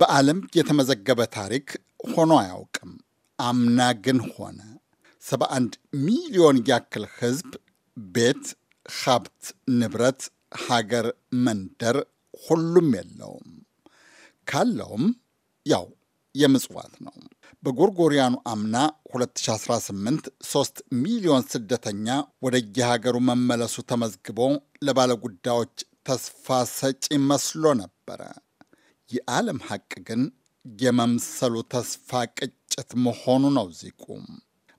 በዓለም የተመዘገበ ታሪክ ሆኖ አያውቅም። አምና ግን ሆነ። 71 ሚሊዮን ያክል ህዝብ ቤት፣ ሀብት፣ ንብረት፣ ሀገር፣ መንደር ሁሉም የለውም። ካለውም ያው የምጽዋት ነው። በጎርጎሪያኑ አምና 2018 3 ሚሊዮን ስደተኛ ወደ የሀገሩ መመለሱ ተመዝግቦ ለባለጉዳዮች ተስፋ ሰጪ መስሎ ነበረ። የዓለም ሀቅ ግን የመምሰሉ ተስፋ ቅጭት መሆኑ ነው ዚቁ።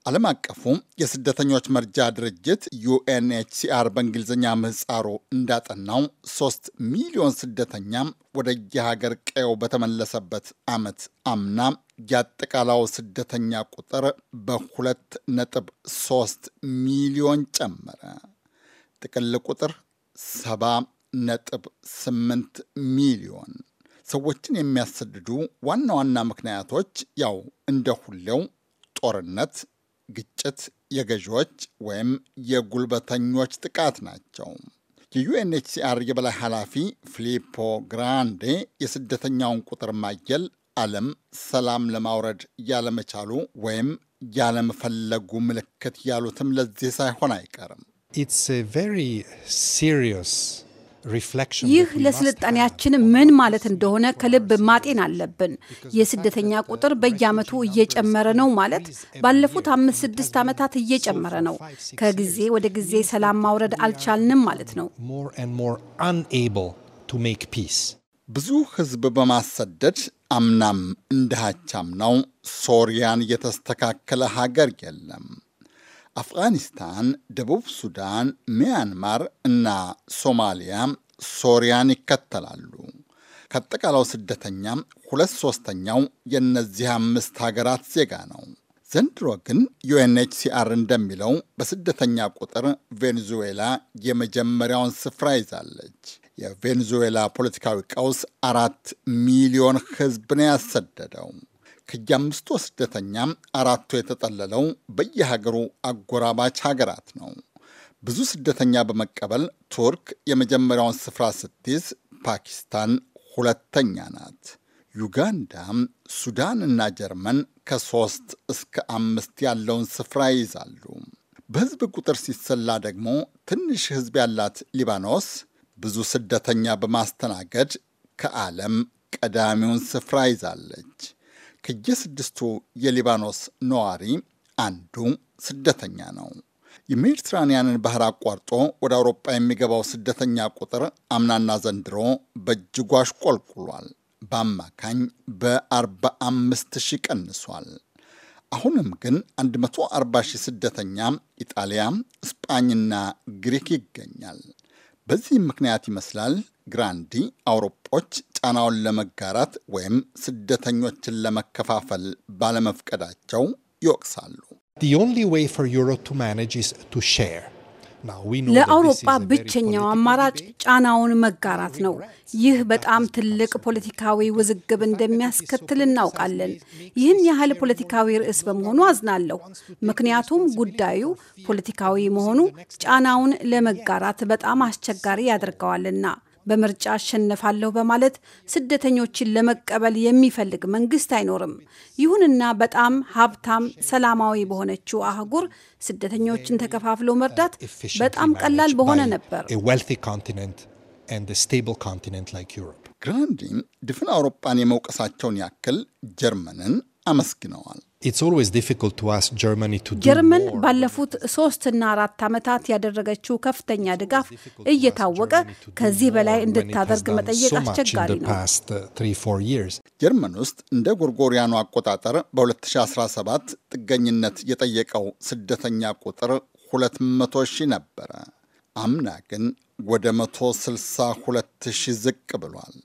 ዓለም አቀፉ የስደተኞች መርጃ ድርጅት ዩኤንኤችሲአር በእንግሊዝኛ ምህፃሩ እንዳጠናው ሶስት ሚሊዮን ስደተኛ ወደ የሀገር ቀየው በተመለሰበት ዓመት አምና የአጠቃላው ስደተኛ ቁጥር በሁለት ነጥብ ሶስት ሚሊዮን ጨመረ። ጥቅል ቁጥር ሰባ ነጥብ ስምንት ሚሊዮን ሰዎችን የሚያሰድዱ ዋና ዋና ምክንያቶች ያው እንደ ሁሌው ጦርነት፣ ግጭት፣ የገዢዎች ወይም የጉልበተኞች ጥቃት ናቸው። የዩኤንኤችሲአር የበላይ ኃላፊ ፊሊፖ ግራንዴ የስደተኛውን ቁጥር ማየል ዓለም ሰላም ለማውረድ ያለመቻሉ ወይም ያለመፈለጉ ምልክት ያሉትም ለዚህ ሳይሆን አይቀርም። ይህ ለስልጣኔያችን ምን ማለት እንደሆነ ከልብ ማጤን አለብን። የስደተኛ ቁጥር በየዓመቱ እየጨመረ ነው ማለት ባለፉት አምስት ስድስት ዓመታት እየጨመረ ነው። ከጊዜ ወደ ጊዜ ሰላም ማውረድ አልቻልንም ማለት ነው። ብዙ ሕዝብ በማሰደድ አምናም እንደሃቻም ነው ሶሪያን የተስተካከለ ሀገር የለም። አፍጋኒስታን፣ ደቡብ ሱዳን፣ ሚያንማር እና ሶማሊያ ሶሪያን ይከተላሉ። ከአጠቃላው ስደተኛም ሁለት ሶስተኛው የእነዚህ አምስት ሀገራት ዜጋ ነው። ዘንድሮ ግን ዩኤንኤችሲአር እንደሚለው በስደተኛ ቁጥር ቬኔዙዌላ የመጀመሪያውን ስፍራ ይዛለች። የቬኔዙዌላ ፖለቲካዊ ቀውስ አራት ሚሊዮን ሕዝብ ነው ያሰደደው። ከየአምስቱ ስደተኛም አራቱ የተጠለለው በየሀገሩ አጎራባች ሀገራት ነው። ብዙ ስደተኛ በመቀበል ቱርክ የመጀመሪያውን ስፍራ ስትይዝ፣ ፓኪስታን ሁለተኛ ናት። ዩጋንዳ፣ ሱዳን እና ጀርመን ከሶስት እስከ አምስት ያለውን ስፍራ ይይዛሉ። በህዝብ ቁጥር ሲሰላ ደግሞ ትንሽ ህዝብ ያላት ሊባኖስ ብዙ ስደተኛ በማስተናገድ ከዓለም ቀዳሚውን ስፍራ ይዛለች። ከየስድስቱ የሊባኖስ ነዋሪ አንዱ ስደተኛ ነው። የሜዲትራንያንን ባህር አቋርጦ ወደ አውሮጳ የሚገባው ስደተኛ ቁጥር አምናና ዘንድሮ በእጅጉ አሽቆልቁሏል። በአማካኝ በ45 ሺህ ቀንሷል። አሁንም ግን 140 ሺህ ስደተኛ ኢጣሊያ፣ ስጳኝና ግሪክ ይገኛል። በዚህም ምክንያት ይመስላል ግራንዲ አውሮጶች ጫናውን ለመጋራት ወይም ስደተኞችን ለመከፋፈል ባለመፍቀዳቸው ይወቅሳሉ። ለአውሮጳ ብቸኛው አማራጭ ጫናውን መጋራት ነው። ይህ በጣም ትልቅ ፖለቲካዊ ውዝግብ እንደሚያስከትል እናውቃለን። ይህን ያህል ፖለቲካዊ ርዕስ በመሆኑ አዝናለሁ። ምክንያቱም ጉዳዩ ፖለቲካዊ መሆኑ ጫናውን ለመጋራት በጣም አስቸጋሪ ያደርገዋልና በምርጫ አሸነፋለሁ በማለት ስደተኞችን ለመቀበል የሚፈልግ መንግስት አይኖርም። ይሁንና በጣም ሀብታም፣ ሰላማዊ በሆነችው አህጉር ስደተኞችን ተከፋፍሎ መርዳት በጣም ቀላል በሆነ ነበር። ግራንዲን ድፍን አውሮፓን የመውቀሳቸውን ያክል ጀርመንን አመስግነዋል። ጀርመን ባለፉት ሶስትና አራት ዓመታት ያደረገችው ከፍተኛ ድጋፍ እየታወቀ ከዚህ በላይ እንድታደርግ መጠየቅ አስቸጋሪ ነው። uh, ጀርመን ውስጥ እንደ ጎርጎሪያኑ አቆጣጠር በ2017 ጥገኝነት የጠየቀው ስደተኛ ቁጥር 200 ሺህ ነበረ። አምና ግን ወደ 162 ሺህ ዝቅ ብሏል።